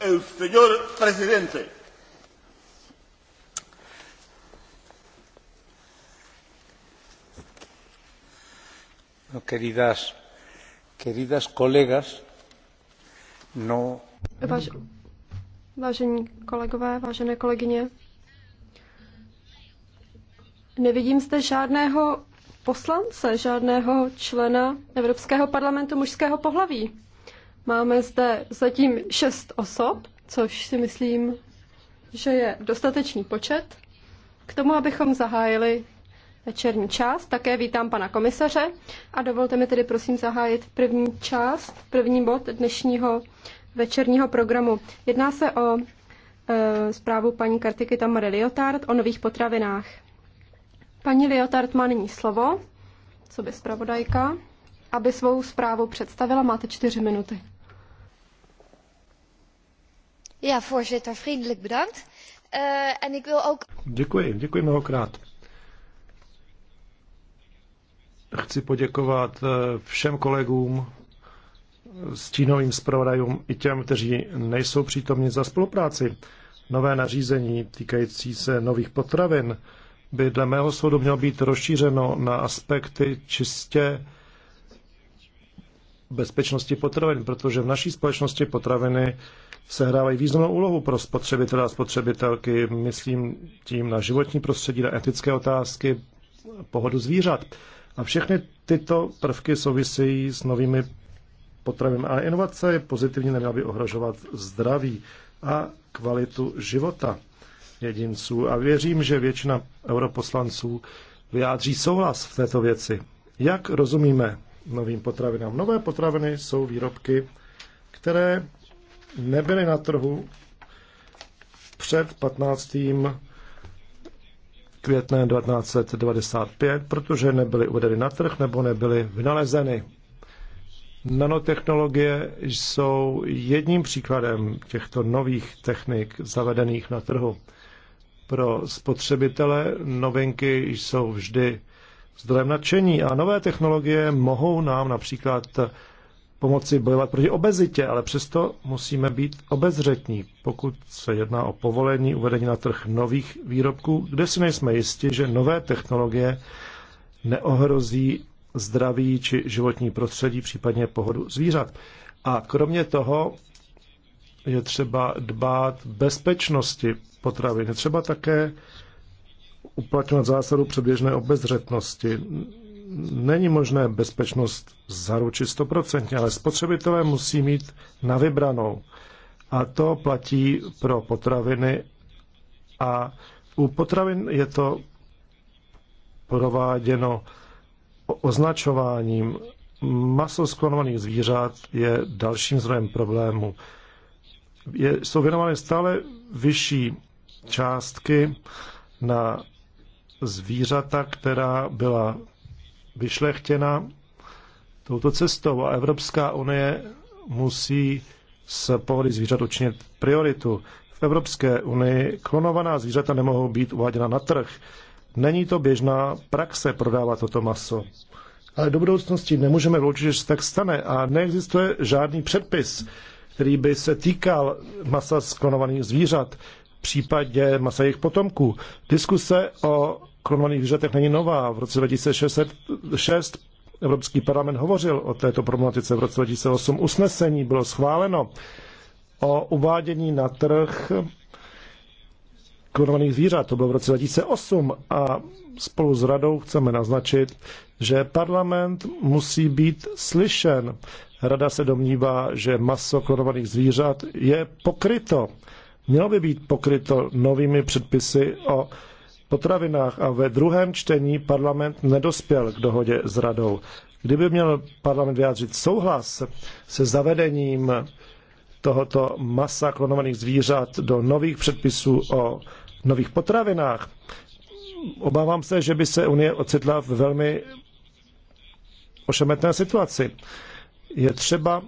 el señor presidente. queridas, queridas colegas, no... Váž, vážení kolegové, vážené kolegyně, nevidím zde žádného poslance, žádného člena Evropského parlamentu mužského pohlaví. Máme zde zatím šest osob, což si myslím, že je dostatečný počet. K tomu, abychom zahájili večerní část, také vítám pana komisaře a dovolte mi tedy prosím zahájit první část, první bod dnešního večerního programu. Jedná se o e, zprávu paní Kartiky Tamary Liotard o nových potravinách. Paní Liotard má nyní slovo, co by zpravodajka, aby svou zprávu představila. Máte čtyři minuty. Ja, voorzitter, vriendelijk bedankt. Uh, en ik wil ook... Děkuji, děkuji mnohokrát. Chci poděkovat eh, všem kolegům, stínovým zpravodajům i těm, kteří nejsou přítomni za spolupráci. Nové nařízení týkající se nových potravin by dle mého soudu mělo být rozšířeno na aspekty čistě bezpečnosti potravin, protože v naší společnosti potraviny sehrávají významnou úlohu pro spotřebitele a spotřebitelky. Myslím tím na životní prostředí, na etické otázky, pohodu zvířat. A všechny tyto prvky souvisejí s novými potravinami. A inovace je pozitivně neměla by ohrožovat zdraví a kvalitu života jedinců. A věřím, že většina europoslanců vyjádří souhlas v této věci. Jak rozumíme novým potravinám. Nové potraviny jsou výrobky, které nebyly na trhu před 15. květnem 1995, protože nebyly uvedeny na trh nebo nebyly vynalezeny. Nanotechnologie jsou jedním příkladem těchto nových technik zavedených na trhu. Pro spotřebitele novinky jsou vždy zdrojem nadšení a nové technologie mohou nám například pomoci bojovat proti obezitě, ale přesto musíme být obezřetní, pokud se jedná o povolení uvedení na trh nových výrobků, kde si nejsme jisti, že nové technologie neohrozí zdraví či životní prostředí, případně pohodu zvířat. A kromě toho je třeba dbát bezpečnosti potravy. Je třeba také uplatňovat zásadu předběžné obezřetnosti. Není možné bezpečnost zaručit stoprocentně, ale spotřebitelé musí mít na vybranou. A to platí pro potraviny a u potravin je to prováděno označováním. Maso sklonovaných zvířat je dalším zdrojem problému. Je, jsou věnovány stále vyšší částky na zvířata, která byla vyšlechtěna touto cestou a Evropská unie musí z pohody zvířat učinit prioritu. V Evropské unii klonovaná zvířata nemohou být uváděna na trh. Není to běžná praxe prodávat toto maso. Ale do budoucnosti nemůžeme vloučit, že se tak stane a neexistuje žádný předpis, který by se týkal masa sklonovaných zvířat, v případě masa jejich potomků. Diskuse o klonovaných zvířatech není nová. V roce 2006 Evropský parlament hovořil o této problematice. V roce 2008 usnesení bylo schváleno o uvádění na trh klonovaných zvířat. To bylo v roce 2008 a spolu s radou chceme naznačit, že parlament musí být slyšen. Rada se domnívá, že maso klonovaných zvířat je pokryto. Mělo by být pokryto novými předpisy o potravinách a ve druhém čtení parlament nedospěl k dohodě s radou. Kdyby měl parlament vyjádřit souhlas se zavedením tohoto masa klonovaných zvířat do nových předpisů o nových potravinách, obávám se, že by se Unie ocitla v velmi ošemetné situaci. Je třeba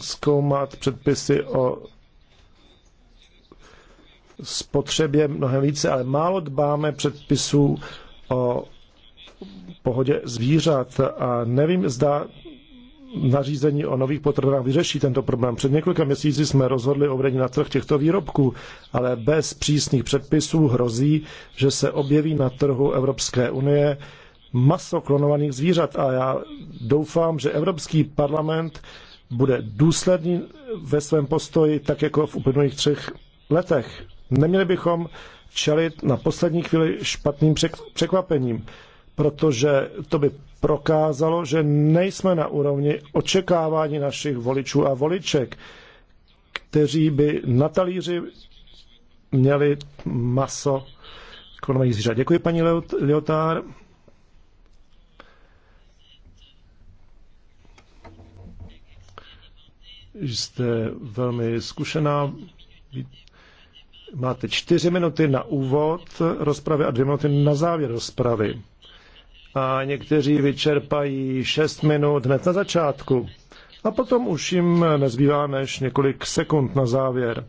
zkoumat předpisy o spotřebě mnohem více, ale málo dbáme předpisů o pohodě zvířat a nevím, zda nařízení o nových potravinách vyřeší tento problém. Před několika měsíci jsme rozhodli o na trh těchto výrobků, ale bez přísných předpisů hrozí, že se objeví na trhu Evropské unie maso klonovaných zvířat a já doufám, že Evropský parlament bude důsledný ve svém postoji, tak jako v uplynulých třech letech. Neměli bychom čelit na poslední chvíli špatným překvapením, protože to by prokázalo, že nejsme na úrovni očekávání našich voličů a voliček, kteří by na talíři měli maso klonových zvířat. Děkuji, paní Liotár. Jste velmi zkušená Máte čtyři minuty na úvod rozpravy a dvě minuty na závěr rozpravy. A někteří vyčerpají šest minut hned na začátku. A potom už jim nezbývá než několik sekund na závěr.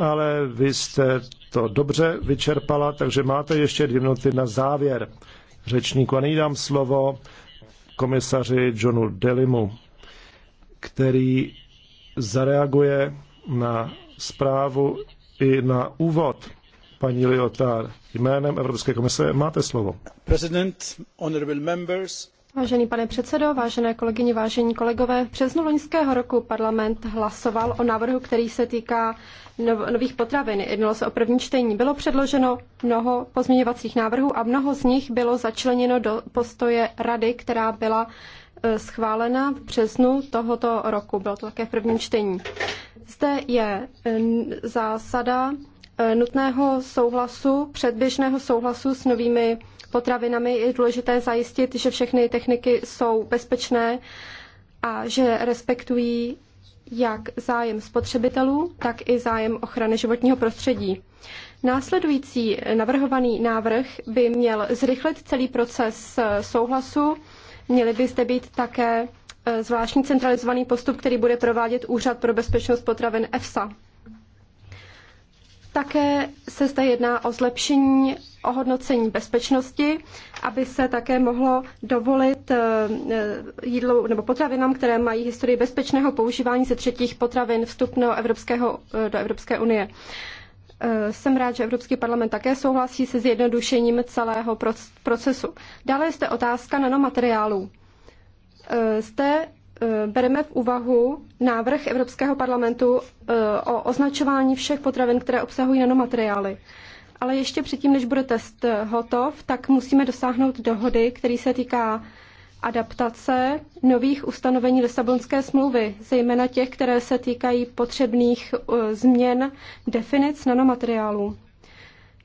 Ale vy jste to dobře vyčerpala, takže máte ještě dvě minuty na závěr řečníku. A nyní dám slovo komisaři Johnu Delimu, který zareaguje na zprávu i na úvod. Paní Liotár, jménem Evropské komise máte slovo. President, honorable members, Vážený pane předsedo, vážené kolegyně, vážení kolegové, v březnu loňského roku parlament hlasoval o návrhu, který se týká nových potravin. Jednalo se o první čtení. Bylo předloženo mnoho pozměňovacích návrhů a mnoho z nich bylo začleněno do postoje rady, která byla Eh, schválena v březnu tohoto roku. Bylo to také v prvním čtení. Zde je eh, zásada eh, nutného souhlasu, předběžného souhlasu s novými potravinami. Je důležité zajistit, že všechny techniky jsou bezpečné a že respektují jak zájem spotřebitelů, tak i zájem ochrany životního prostředí. Následující navrhovaný návrh by měl zrychlit celý proces souhlasu Měli by zde být také e, zvláštní centralizovaný postup, který bude provádět Úřad pro bezpečnost potravin EFSA. Také se zde jedná o zlepšení ohodnocení bezpečnosti, aby se také mohlo dovolit e, e, jídlo nebo potravinám, které mají historii bezpečného používání ze třetích potravin vstupného Evropského, do Evropské unie. Eh, jsem rád, že Evropský parlament také souhlasí se zjednodušením celého procesu. Dále je zde otázka nanomateriálů. Eh, zde eh, bereme v úvahu návrh Evropského parlamentu o označování všech potravin, které obsahují nanomateriály. Ale ještě předtím, než bude test hotov, tak musíme dosáhnout dohody, který se týká adaptace nových ustanovení Lisabonské smlouvy, zejména těch, které se týkají potřebných eh, změn definic nanomateriálů.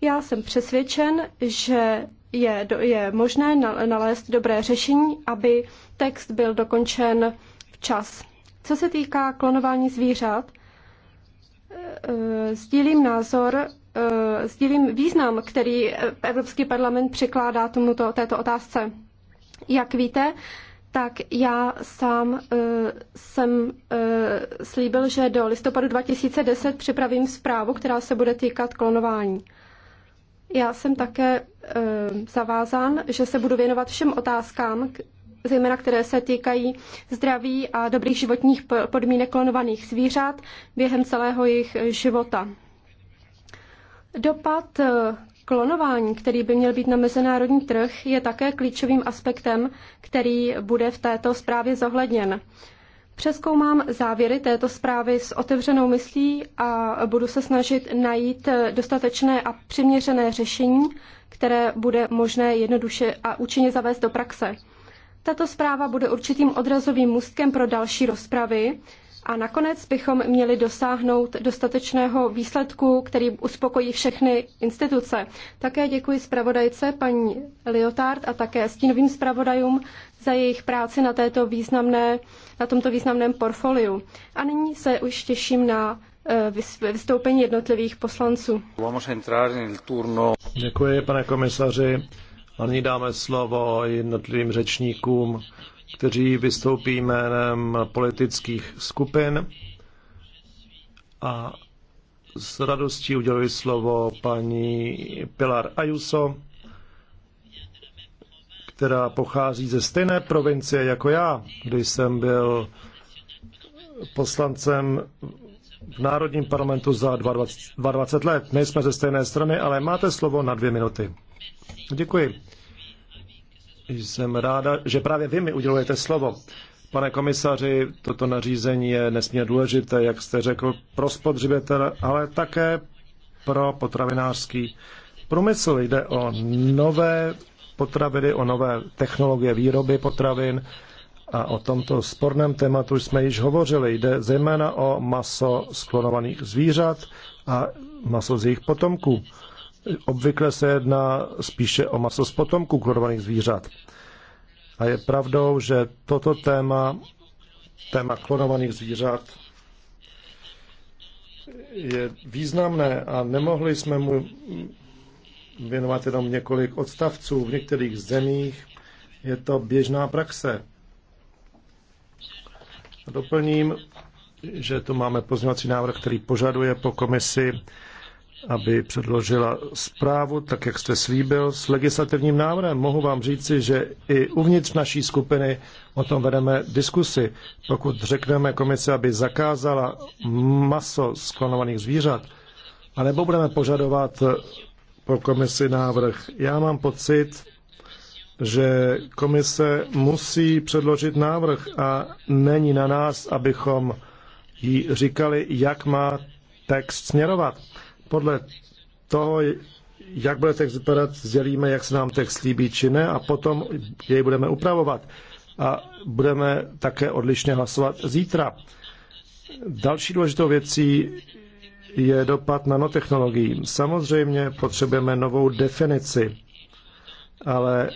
Já jsem přesvědčen, že je, je možné nalézt dobré řešení, aby text byl dokončen včas. Co se týká klonování zvířat, eh, sdílím názor, eh, sdílím význam, který Evropský parlament přikládá tomuto, této otázce. Jak víte, tak já sám uh, jsem uh, slíbil, že do listopadu 2010 připravím zprávu, která se bude týkat klonování. Já jsem také uh, zavázán, že se budu věnovat všem otázkám, zejména které se týkají zdraví a dobrých životních podmínek klonovaných zvířat během celého jejich života. Dopad Klonování, který by měl být na mezinárodní trh, je také klíčovým aspektem, který bude v této zprávě zohledněn. Přeskoumám závěry této zprávy s otevřenou myslí a budu se snažit najít dostatečné a přiměřené řešení, které bude možné jednoduše a účinně zavést do praxe. Tato zpráva bude určitým odrazovým můstkem pro další rozpravy, a nakonec bychom měli dosáhnout dostatečného výsledku, který uspokojí všechny instituce. Také děkuji zpravodajce paní Liotard a také stínovým zpravodajům za jejich práci na, této významné, na tomto významném portfoliu. A nyní se už těším na eh, vystoupení jednotlivých poslanců. Děkuji, pane komisaři. A nyní dáme slovo jednotlivým řečníkům kteří vystoupí jménem politických skupin a s radostí uděluji slovo paní Pilar Ayuso, která pochází ze stejné provincie jako já, když jsem byl poslancem v Národním parlamentu za 22, let. Nejsme ze stejné strany, ale máte slovo na dvě minuty. Děkuji. Jsem ráda, že právě vy mi udělujete slovo. Pane komisaři, toto nařízení je nesmírně důležité, jak jste řekl, pro spotřebitele, ale také pro potravinářský průmysl. Jde o nové potraviny, o nové technologie výroby potravin a o tomto sporném tématu jsme již hovořili. Jde zejména o maso sklonovaných zvířat a maso z jejich potomků. Obvykle se jedná spíše o maso z potomků klonovaných zvířat. A je pravdou, že toto téma, téma klonovaných zvířat, je významné a nemohli jsme mu věnovat jenom několik odstavců. V některých zemích je to běžná praxe. Doplním, že tu máme pozměňovací návrh, který požaduje po komisi aby předložila zprávu, tak jak jste slíbil, s legislativním návrhem. Mohu vám říci, že i uvnitř naší skupiny o tom vedeme diskusy. Pokud řekneme komise, aby zakázala maso sklonovaných zvířat, anebo budeme požadovat po komisi návrh. Já mám pocit, že komise musí předložit návrh a není na nás, abychom jí říkali, jak má text směrovat podle toho, jak bude text vypadat, sdělíme, jak se nám text líbí či ne a potom jej budeme upravovat. A budeme také odlišně hlasovat zítra. Další důležitou věcí je dopad nanotechnologií. Samozřejmě potřebujeme novou definici, ale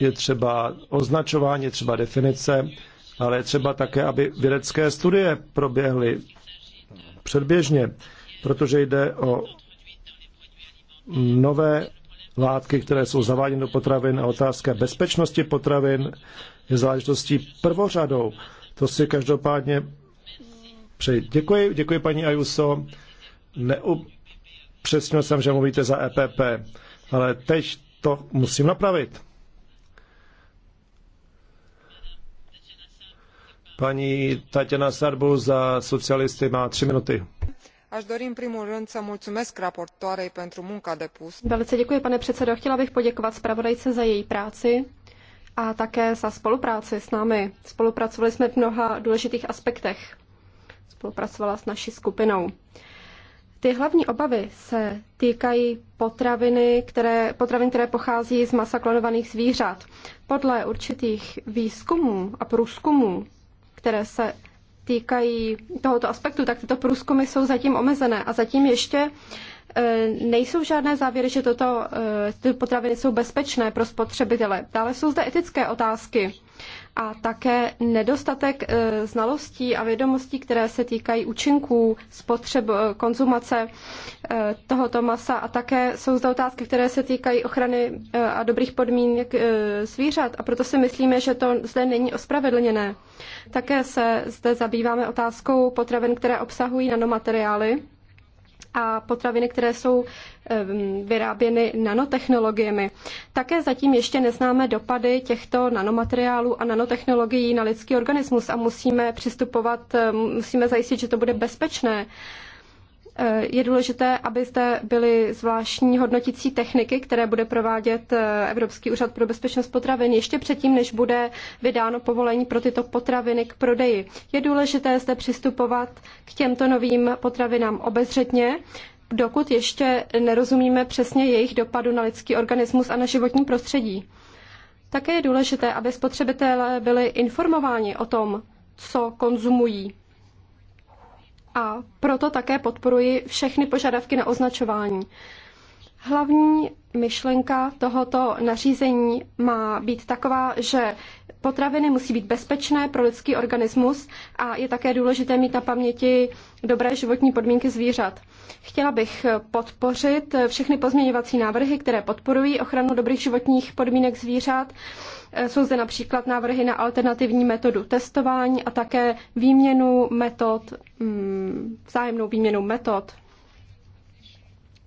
je třeba označování, je třeba definice, ale je třeba také, aby vědecké studie proběhly předběžně protože jde o nové látky, které jsou zaváděny do potravin a otázka bezpečnosti potravin je záležitostí prvořadou. To si každopádně přeji. Děkuji, děkuji paní Ajuso. Neupřesnil jsem, že mluvíte za EPP, ale teď to musím napravit. Paní Tatěna Sarbu za socialisty má tři minuty. Až dori în primul rând să mulțumesc raportoarei pentru munca depusă. Velice děkuji, pane předsedo. Chtěla bych poděkovat zpravodajce za její práci a také za spolupráci s námi. Spolupracovali jsme v mnoha důležitých aspektech. Spolupracovala s naší skupinou. Ty hlavní obavy se týkají potraviny, které, potravin, které pochází z masa klonovaných zvířat. Podle určitých výzkumů a průzkumů, které se týkají tohoto aspektu, tak tyto průzkumy jsou zatím omezené a zatím ještě e, nejsou žádné závěry, že toto, e, ty potraviny jsou bezpečné pro spotřebitele. Dále jsou zde etické otázky a také nedostatek e, znalostí a vědomostí, které se týkají účinků, spotřeb, e, konzumace e, tohoto masa a také jsou zde otázky, které se týkají ochrany a dobrých podmínek zvířat a proto si myslíme, že to zde není ospravedlněné. Také se zde zabýváme otázkou potravin, které obsahují nanomateriály a potraviny, které jsou vyráběny nanotechnologiemi. Také zatím ještě neznáme dopady těchto nanomateriálů a nanotechnologií na lidský organismus a musíme přistupovat, musíme zajistit, že to bude bezpečné. Eh, je důležité, abyste byly zvláštní hodnotící techniky, které bude provádět eh, Evropský úřad pro bezpečnost potravin ještě předtím, než bude vydáno povolení pro tyto potraviny k prodeji. Je důležité zde přistupovat k těmto novým potravinám obezřetně, dokud ještě nerozumíme přesně jejich dopadu na lidský organismus a na životní prostředí. Také je důležité, aby spotřebitelé byli informováni o tom, co konzumují a proto také podporuji všechny požadavky na označování. Hlavní myšlenka tohoto nařízení má být taková, že potraviny musí být bezpečné pro lidský organismus a je také důležité mít na paměti dobré životní podmínky zvířat. Chtěla bych podpořit všechny pozměňovací návrhy, které podporují ochranu dobrých životních podmínek zvířat Eh, jsou zde například návrhy na alternativní metodu testování a také výměnu metod, mm, vzájemnou výměnu metod,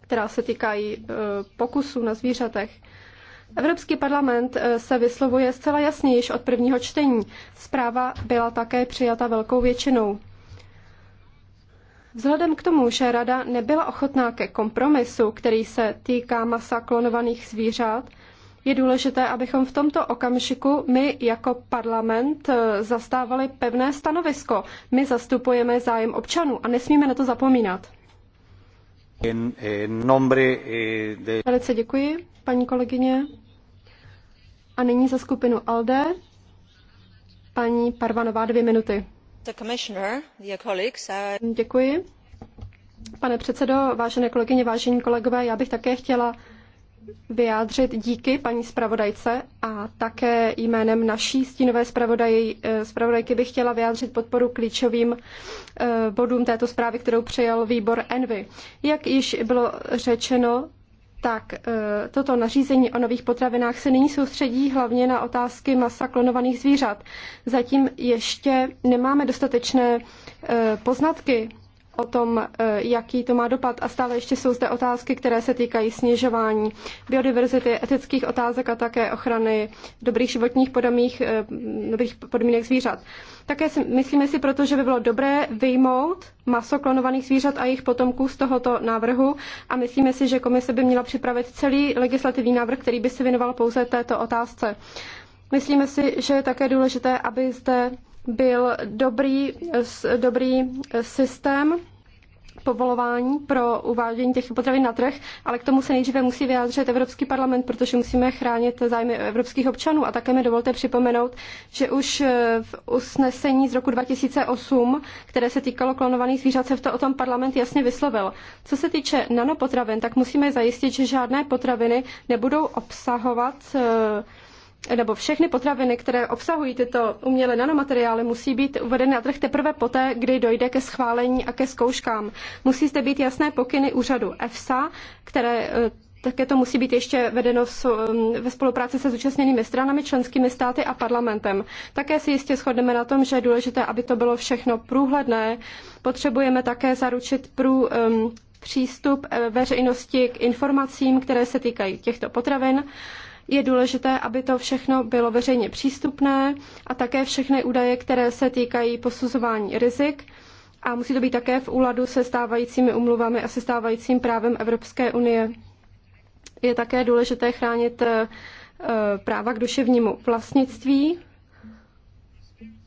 která se týkají eh, pokusů na zvířatech. Evropský parlament eh, se vyslovuje zcela jasně již od prvního čtení. Zpráva byla také přijata velkou většinou. Vzhledem k tomu, že Rada nebyla ochotná ke kompromisu, který se týká masa klonovaných zvířat, je důležité, abychom v tomto okamžiku my jako parlament eh, zastávali pevné stanovisko. My zastupujeme zájem občanů a nesmíme na to zapomínat. Eh, eh, Velice děkuji, paní kolegyně. A nyní za skupinu ALDE paní Parvanová dvě minuty. Děkuji. Pane předsedo, vážené kolegyně, vážení kolegové, já bych také chtěla vyjádřit díky paní zpravodajce a také jménem naší stínové zpravodaj, eh, zpravodajky bych chtěla vyjádřit podporu klíčovým eh, bodům této zprávy, kterou přijal výbor Envy. Jak již bylo řečeno, tak eh, toto nařízení o nových potravinách se nyní soustředí hlavně na otázky masa klonovaných zvířat. Zatím ještě nemáme dostatečné poznatky o tom, e, jaký to má dopad a stále ještě jsou zde otázky, které se týkají snižování biodiverzity, etických otázek a také ochrany dobrých životních podmínek, dobrých podmínek zvířat. Také si, myslíme si proto, že by bylo dobré vyjmout maso klonovaných zvířat a jejich potomků z tohoto návrhu a myslíme si, že komise by měla připravit celý legislativní návrh, který by se věnoval pouze této otázce. Myslíme si, že je také důležité, aby zde byl dobrý, dobrý systém povolování pro uvádění těch potravin na trh, ale k tomu se nejdříve musí vyjádřit Evropský parlament, protože musíme chránit zájmy evropských občanů. A také mi dovolte připomenout, že už eh, v usnesení z roku 2008, které se týkalo klonovaných zvířat, se v to o tom parlament jasně vyslovil. Co se týče nanopotravin, tak musíme zajistit, že žádné potraviny nebudou obsahovat eh, nebo všechny potraviny, které obsahují tyto umělé nanomateriály, musí být uvedeny na trh teprve poté, kdy dojde ke schválení a ke zkouškám. Musí zde být jasné pokyny úřadu EFSA, které eh, také to musí být ještě vedeno eh, ve spolupráci se zúčastněnými stranami, členskými státy a parlamentem. Také si jistě shodneme na tom, že je důležité, aby to bylo všechno průhledné. Potřebujeme také zaručit prů, ehm, přístup eh, veřejnosti k informacím, které se týkají těchto potravin. Je důležité, aby to všechno bylo veřejně přístupné a také všechny údaje, které se týkají posuzování rizik. A musí to být také v úladu se stávajícími umluvami a se stávajícím právem Evropské unie. Je také důležité chránit eh, práva k duševnímu vlastnictví,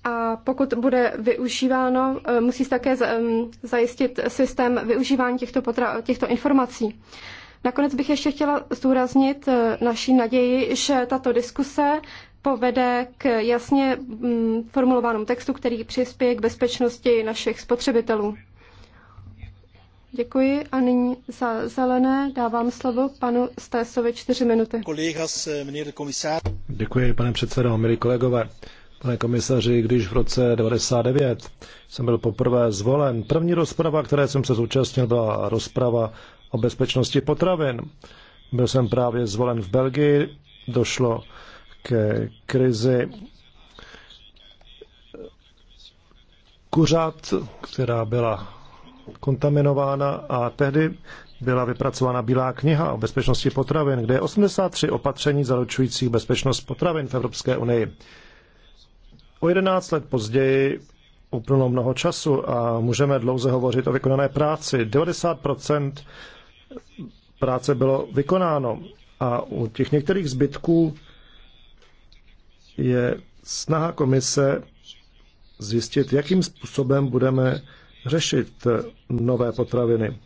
a pokud bude využíváno, eh, musí se také zajistit systém využívání těchto, potra- těchto informací. Nakonec bych ještě chtěla zdůraznit eh, naší naději, že tato diskuse povede k jasně mm, formulovanému textu, který přispěje k bezpečnosti našich spotřebitelů. Děkuji a nyní za zelené dávám slovo panu Stésovi čtyři minuty. Eh, Děkuji, pane předsedo, milí kolegové. Pane komisaři, když v roce 99 jsem byl poprvé zvolen, první rozprava, které jsem se zúčastnil, byla rozprava o bezpečnosti potravin. Byl jsem právě zvolen v Belgii, došlo ke krizi kuřat, která byla kontaminována a tehdy byla vypracována Bílá kniha o bezpečnosti potravin, kde je 83 opatření zaručujících bezpečnost potravin v Evropské unii. O 11 let později uplynulo mnoho času a můžeme dlouze hovořit o vykonané práci. 90 práce bylo vykonáno. A u těch některých zbytků je snaha komise zjistit, jakým způsobem budeme řešit nové potraviny.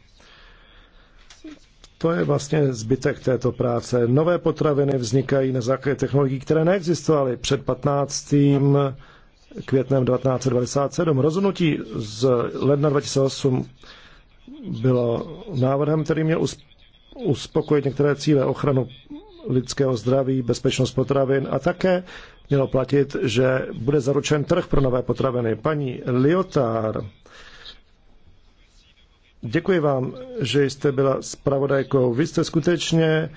To je vlastně zbytek této práce. Nové potraviny vznikají na základě technologií, které neexistovaly před 15. květnem 1997. Rozhodnutí z ledna 2008 bylo návrhem, který měl uspokojit některé cíle ochranu lidského zdraví, bezpečnost potravin a také mělo platit, že bude zaručen trh pro nové potraviny. Paní Liotár, děkuji vám, že jste byla zpravodajkou. Vy jste skutečně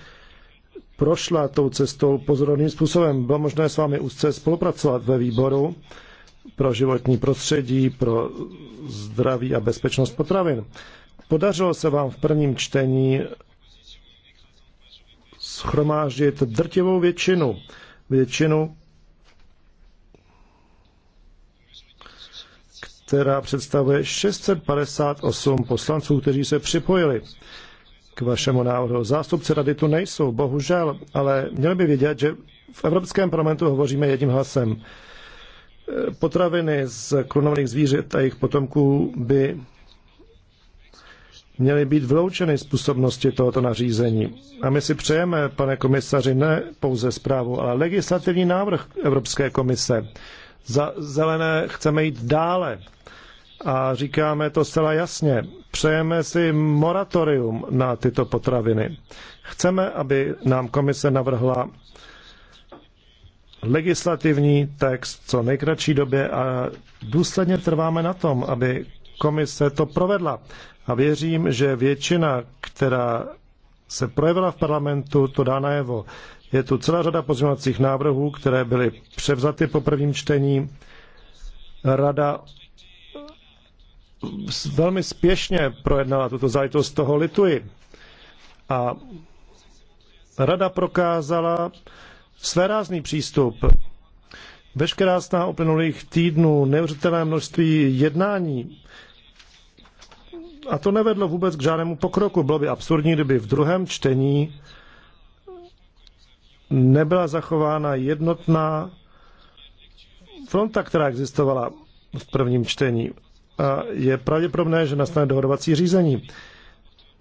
prošla tou cestou pozorovným způsobem. Bylo možné s vámi úzce spolupracovat ve výboru pro životní prostředí, pro zdraví a bezpečnost potravin. Podařilo se vám v prvním čtení schromáždit drtivou většinu. Většinu, která představuje 658 poslanců, kteří se připojili k vašemu návrhu. Zástupci rady tu nejsou, bohužel, ale měli by vědět, že v Evropském parlamentu hovoříme jedním hlasem potraviny z klonovaných zvířat a jejich potomků by měly být vyloučeny z působnosti tohoto nařízení. A my si přejeme, pane komisaři, ne pouze zprávu, ale legislativní návrh Evropské komise. Za zelené chceme jít dále a říkáme to zcela jasně. Přejeme si moratorium na tyto potraviny. Chceme, aby nám komise navrhla legislativní text co nejkratší době a důsledně trváme na tom, aby komise to provedla. A věřím, že většina, která se projevila v parlamentu, to dá najevo. Je tu celá řada pozměňovacích návrhů, které byly převzaty po prvním čtení. Rada velmi spěšně projednala tuto záležitost, toho lituji. A rada prokázala, svérázný přístup. Veškerá sná uplynulých týdnů, neuvěřitelné množství jednání, a to nevedlo vůbec k žádnému pokroku. Bylo by absurdní, kdyby v druhém čtení nebyla zachována jednotná fronta, která existovala v prvním čtení. A je pravděpodobné, že nastane dohodovací řízení.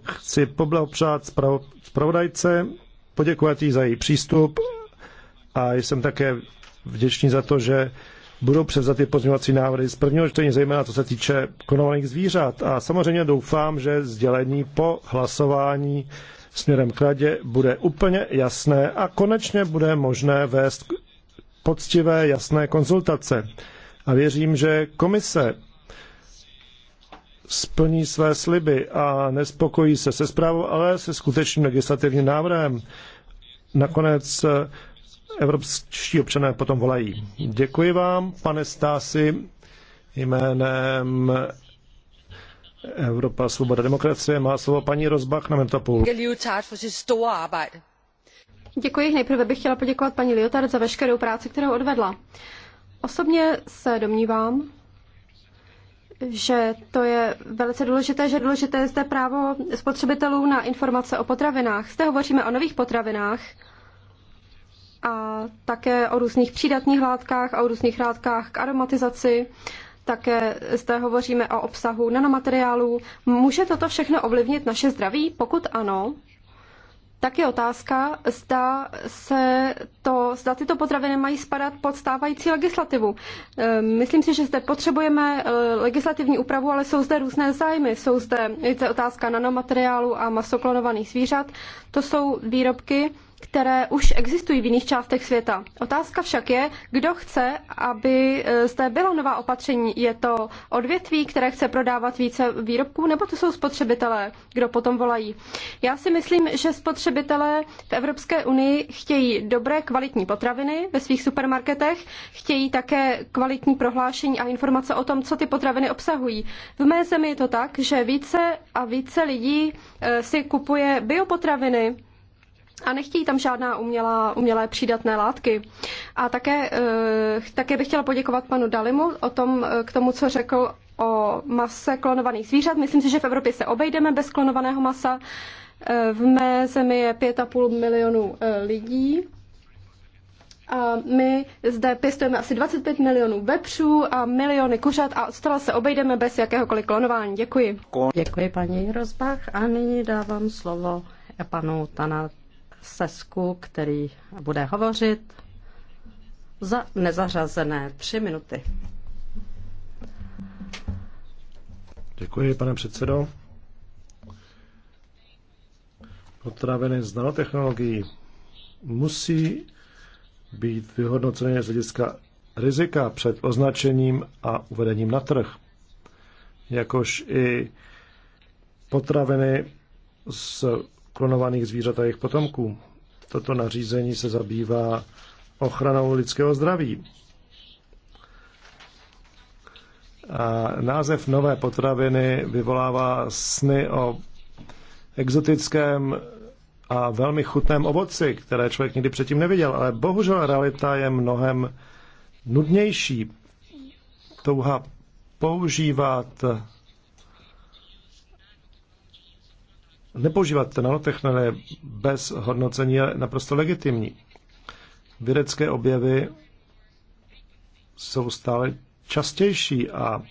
Chci poblahopřát zpravodajce, poděkovat jí za její přístup a jsem také vděčný za to, že budou převzaty pozměňovací návrhy z prvního čtení, zejména co se týče konovaných zvířat. A samozřejmě doufám, že sdělení po hlasování směrem k radě bude úplně jasné a konečně bude možné vést poctivé, jasné konzultace. A věřím, že komise splní své sliby a nespokojí se se zprávou, ale se skutečným legislativním návrhem. Nakonec evropští občané potom volají. Děkuji vám, pane Stási, jménem Evropa, svoboda, demokracie. Má slovo paní Rozbach na Metapol. Děkuji. Nejprve bych chtěla poděkovat paní Liotard za veškerou práci, kterou odvedla. Osobně se domnívám, že to je velice důležité, že důležité je zde právo spotřebitelů na informace o potravinách. Zde hovoříme o nových potravinách, a také o různých přídatných látkách a o různých látkách k aromatizaci. Také zde hovoříme o obsahu nanomateriálů. Může toto všechno ovlivnit naše zdraví? Pokud ano, tak je otázka, zda, se to, zda tyto potraviny mají spadat pod stávající legislativu. Ehm, myslím si, že zde potřebujeme eh, legislativní úpravu, ale jsou zde různé zájmy. Jsou zde, je otázka nanomateriálu a masoklonovaných zvířat. To jsou výrobky, které už existují v jiných částech světa. Otázka však je, kdo chce, aby e, zde byla nová opatření. Je to odvětví, které chce prodávat více výrobků, nebo to jsou spotřebitelé, kdo potom volají. Já si myslím, že spotřebitelé v Evropské unii chtějí dobré kvalitní potraviny ve svých supermarketech, chtějí také kvalitní prohlášení a informace o tom, co ty potraviny obsahují. V mé zemi je to tak, že více a více lidí e, si kupuje biopotraviny, a nechtějí tam žádná umělá, umělé přídatné látky. A také, eh, také bych chtěla poděkovat panu Dalimu o tom, eh, k tomu, co řekl o mase klonovaných zvířat. Myslím si, že v Evropě se obejdeme bez klonovaného masa. Eh, v mé zemi je 5,5 milionů lidí. A my zde pěstujeme asi 25 milionů vepřů a miliony kuřat a zcela se obejdeme bez jakéhokoliv klonování. Děkuji. Děkuji paní Rozbach a nyní dávám slovo panu Tanat Sesku, který bude hovořit za nezařazené tři minuty. Děkuji, pane předsedo. Potraviny z nanotechnologií musí být vyhodnoceny z hlediska rizika před označením a uvedením na trh, jakož i potraviny s klonovaných zvířat a jejich potomků. Toto nařízení se zabývá ochranou lidského zdraví. A název nové potraviny vyvolává sny o exotickém a velmi chutném ovoci, které člověk nikdy předtím neviděl. Ale bohužel realita je mnohem nudnější. Touha používat Nepoužívat nanotechnologie bez hodnocení je naprosto legitimní. Vědecké objevy jsou stále častější a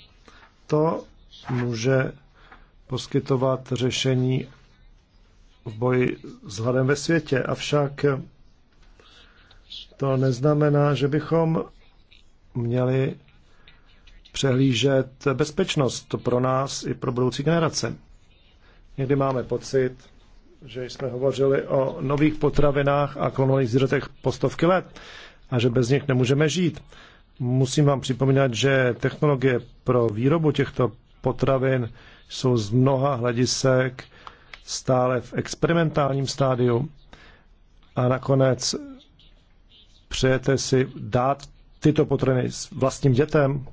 to může poskytovat řešení v boji s hladem ve světě. Avšak to neznamená, že bychom měli přehlížet bezpečnost pro nás i pro budoucí generace. Někdy máme pocit, že jsme hovořili o nových potravinách a klonových zvířatech po stovky let a že bez nich nemůžeme žít. Musím vám připomínat, že technologie pro výrobu těchto potravin jsou z mnoha hledisek stále v experimentálním stádiu. A nakonec přejete si dát tyto potraviny s vlastním dětem.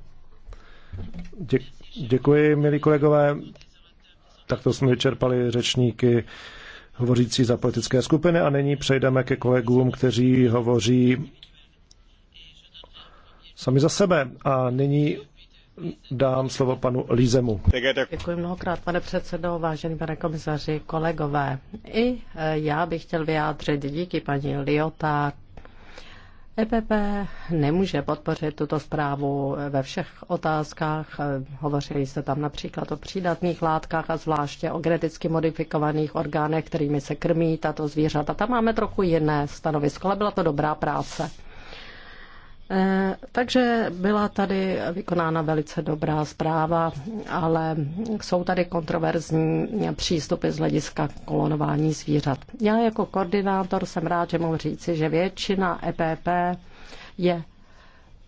Děkuji, milí kolegové. Takto jsme vyčerpali řečníky hovořící za politické skupiny a nyní přejdeme ke kolegům, kteří hovoří sami za sebe. A nyní dám slovo panu Lízemu. Děkuji mnohokrát, pane předsedo, vážený pane komisaři, kolegové. I já bych chtěl vyjádřit díky paní Liotard EPP nemůže podpořit tuto zprávu ve všech otázkách. Hovořili se tam například o přídatných látkách a zvláště o geneticky modifikovaných orgánech, kterými se krmí tato zvířata. Tam máme trochu jiné stanovisko, ale byla to dobrá práce. Eh, takže byla tady vykonána velice dobrá zpráva, ale jsou tady kontroverzní přístupy z hlediska kolonování zvířat. Já jako koordinátor jsem rád, že mohu říci, že většina EPP je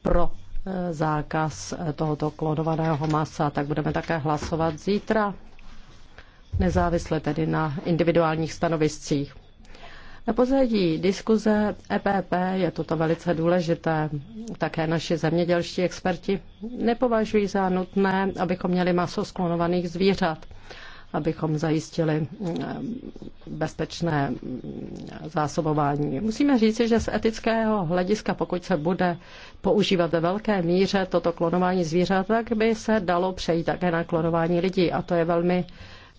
pro eh, zákaz eh, tohoto klonovaného masa, tak budeme také hlasovat zítra, nezávisle tedy na individuálních stanoviscích. Na pozadí diskuze EPP je toto velice důležité. Také naši zemědělští experti nepovažují za nutné, abychom měli maso sklonovaných zvířat abychom zajistili eh, bezpečné mm, zásobování. Musíme říci, že z etického hlediska, pokud se bude používat ve velké míře toto klonování zvířat, tak by se dalo přejít také na klonování lidí. A to je velmi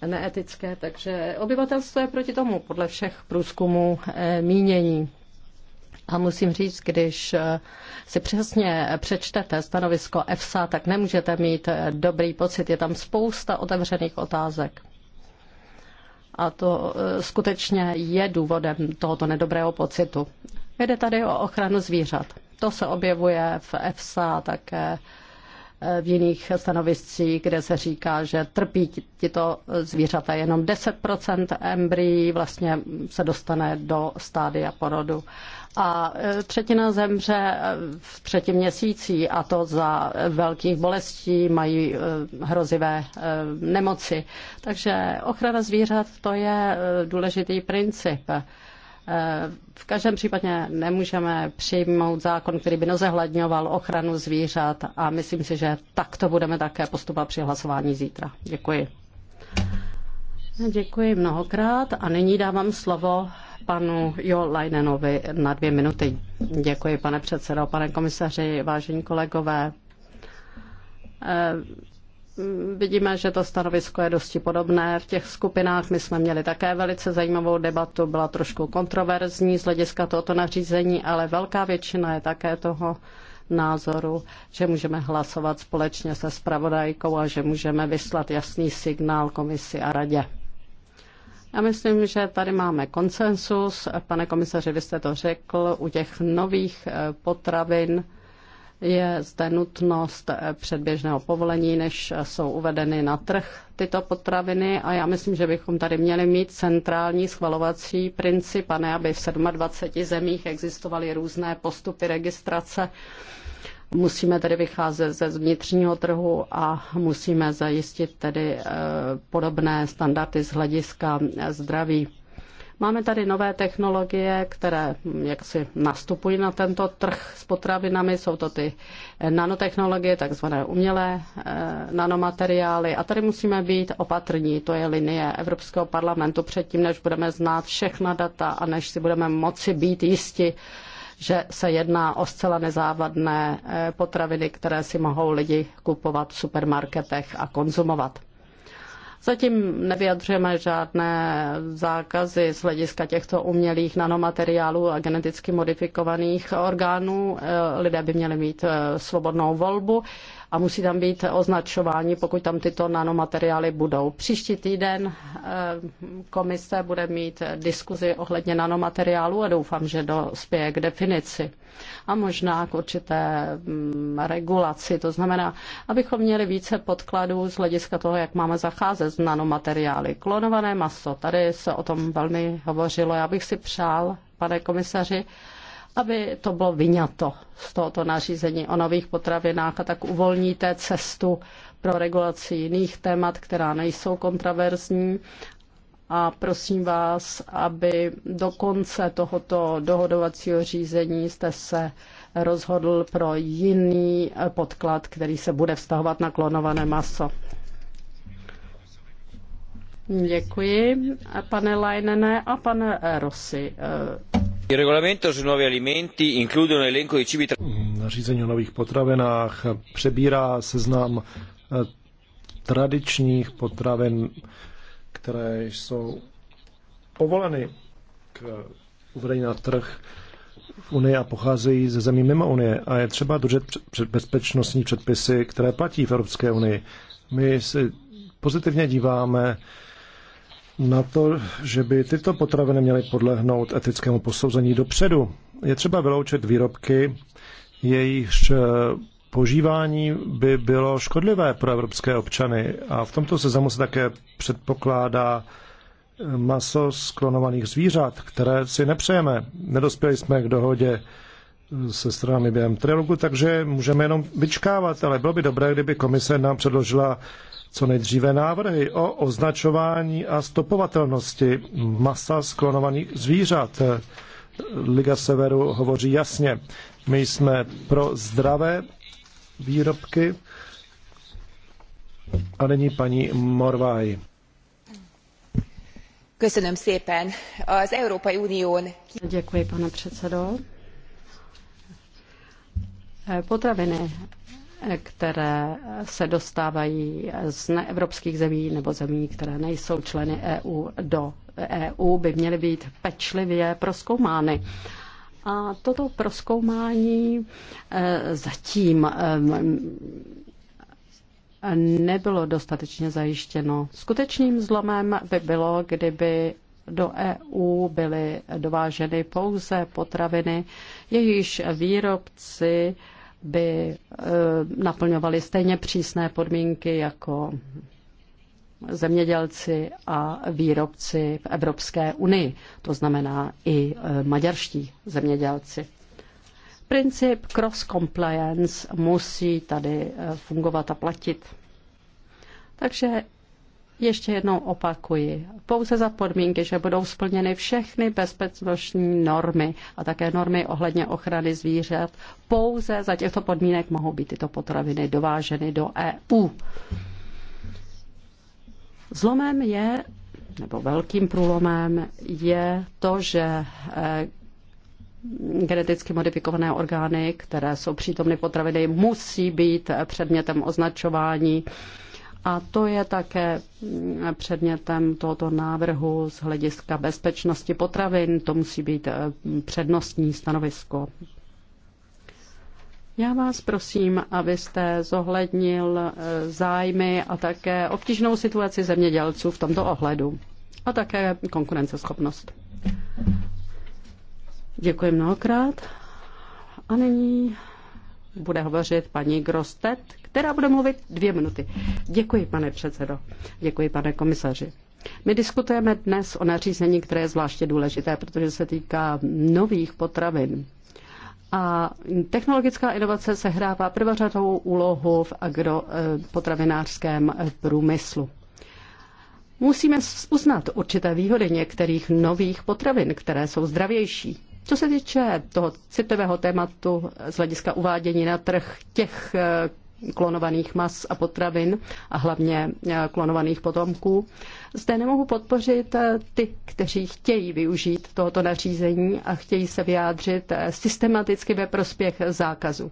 neetické, takže obyvatelstvo je proti tomu podle všech průzkumů eh, mínění. A musím říct, když eh, si přesně přečtete stanovisko EFSA, tak nemůžete mít eh, dobrý pocit. Je tam spousta otevřených otázek. A to skutečně je důvodem tohoto nedobrého pocitu. Jde tady o ochranu zvířat. To se objevuje v EFSA také v jiných stanoviscích, kde se říká, že trpí tyto zvířata jenom 10 embryí, vlastně se dostane do stádia porodu. A e, třetina zemře e, v třetím měsíci a to za velkých bolestí, mají e, hrozivé nemoci. Takže ochrana zvířat to je důležitý princip. V každém případě nemůžeme přijmout zákon, který by nezahledňoval ochranu zvířat a myslím si, že takto budeme také postupovat při hlasování zítra. Děkuji. Děkuji mnohokrát a nyní dávám slovo panu Jo Lajnenovi na dvě minuty. Děkuji, pane předsedo, pane komisaři, vážení kolegové. Vidíme, že to stanovisko je dosti podobné. V těch skupinách my jsme měli také velice zajímavou debatu, byla trošku kontroverzní z hlediska tohoto nařízení, ale velká většina je také toho názoru, že můžeme hlasovat společně se spravodajkou a že můžeme vyslat jasný signál komisi a radě. Já myslím, že tady máme konsensus. Pane komisaři, vy jste to řekl, u těch nových eh, potravin je zde nutnost eh, předběžného povolení, než eh, jsou uvedeny na trh tyto potraviny a já myslím, že bychom tady měli mít centrální schvalovací princip a ne, aby v 27 zemích existovaly různé postupy registrace. Musíme tedy vycházet ze vnitřního trhu a musíme zajistit tedy eh, podobné standardy z hlediska zdraví. Máme tady nové technologie, které jaksi nastupují na tento trh s potravinami. Jsou to ty eh, nanotechnologie, takzvané umělé eh, nanomateriály. A tady musíme být opatrní. To je linie Evropského parlamentu předtím, než budeme znát všechna data a než si budeme moci být jisti, že se jedná o zcela nezávadné eh, potraviny, které si mohou lidi kupovat v supermarketech a konzumovat. Zatím nevyjadřujeme žádné zákazy z hlediska těchto umělých nanomateriálů a geneticky modifikovaných orgánů. Eh, lidé by měli mít eh, svobodnou volbu a musí tam být označování, pokud tam tyto nanomateriály budou. Příští týden eh, komise bude mít diskuzi ohledně nanomateriálu a doufám, že dospěje k definici a možná k určité mm, regulaci. To znamená, abychom měli více podkladů z hlediska toho, jak máme zacházet s nanomateriály. Klonované maso, tady se o tom velmi hovořilo. Já bych si přál, pane komisaři, aby to bylo vyňato z tohoto nařízení o nových potravinách a tak uvolníte cestu pro regulaci jiných témat, která nejsou kontraverzní. A prosím vás, aby do konce tohoto dohodovacího řízení jste se rozhodl pro jiný podklad, který se bude vztahovat na klonované maso. Děkuji, pane Leinene a pane Rossi. Eh, Nařízení o nových potravinách přebírá seznam eh, tradičních potravin, které jsou povoleny k uvedení na trh v Unii a pocházejí ze zemí mimo Unie. A je třeba držet bezpečnostní předpisy, které platí v Evropské unii. My si pozitivně díváme na to, že by tyto potraviny měly podlehnout etickému posouzení dopředu. Je třeba vyloučit výrobky, jejichž eh, požívání by bylo škodlivé pro evropské občany. A v tomto seznamu se také předpokládá eh, maso z klonovaných zvířat, které si nepřejeme. Nedospěli jsme k dohodě eh, se stranami během trilogu, takže můžeme jenom vyčkávat, ale bylo by dobré, kdyby komise nám předložila co nejdříve návrhy o označování a stopovatelnosti masa sklonovaných zvířat. Liga Severu hovoří jasně. My jsme pro zdravé výrobky a není paní Morvaj. Köszönöm szépen. Az Európai Unión... Děkuji, pane předsedo. Potraviny které se dostávají z neevropských zemí nebo zemí, které nejsou členy EU do EU, by měly být pečlivě proskoumány. A toto proskoumání eh, zatím eh, nebylo dostatečně zajištěno. Skutečným zlomem by bylo, kdyby do EU byly dováženy pouze potraviny, jejichž výrobci uh, by eh, naplňovali stejně přísné podmínky jako zemědělci a výrobci v Evropské unii, to znamená i eh, maďarští zemědělci. Princip cross-compliance musí tady eh, fungovat a platit. Takže ještě jednou opakuji, pouze za podmínky, že budou splněny všechny bezpečnostní normy a také normy ohledně ochrany zvířat, pouze za těchto podmínek mohou být tyto potraviny dováženy do EU. Zlomem je, nebo velkým průlomem je to, že eh, geneticky modifikované orgány, které jsou přítomny potraviny, musí být předmětem označování a to je také mm, předmětem tohoto návrhu z hlediska bezpečnosti potravin. To musí být eh, přednostní stanovisko. Já vás prosím, abyste zohlednil eh, zájmy a také obtížnou situaci zemědělců v tomto ohledu a také konkurenceschopnost. Děkuji mnohokrát. A nyní bude hovořit paní Grostet, která bude mluvit dvě minuty. Děkuji, pane předsedo. Děkuji, pane komisaři. My diskutujeme dnes o nařízení, které je zvláště důležité, protože se týká nových potravin. A technologická inovace sehrává prvořadou úlohu v agropotravinářském průmyslu. Musíme uznat určité výhody některých nových potravin, které jsou zdravější. Co se týče toho citového tématu z hlediska uvádění na trh těch eh, klonovaných mas a potravin a hlavně eh, klonovaných potomků. Zde nemohu podpořit eh, ty, kteří chtějí využít tohoto nařízení a chtějí se vyjádřit systematicky ve prospěch zákazu.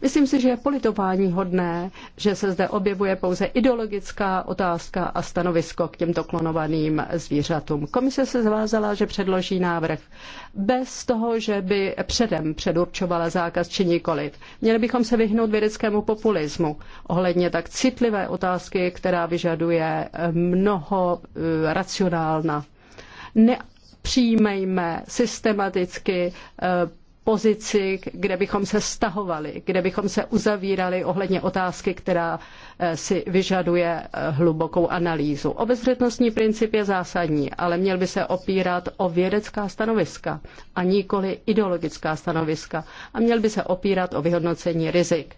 Myslím si, že je politování hodné, že se zde objevuje pouze ideologická otázka a stanovisko k těmto klonovaným zvířatům. Komise se zvázala, že předloží návrh bez toho, že by předem předurčovala zákaz či nikoliv. Měli bychom se vyhnout vědeckému populismu ohledně tak citlivé otázky, která vyžaduje mnoho eh, racionálna. Ne, přijímejme systematicky eh, pozici, kde bychom se stahovali, kde bychom se uzavírali ohledně otázky, která eh, si vyžaduje eh, hlubokou analýzu. Obezřetnostní princip je zásadní, ale měl by se opírat o vědecká stanoviska a nikoli ideologická stanoviska a měl by se opírat o vyhodnocení rizik.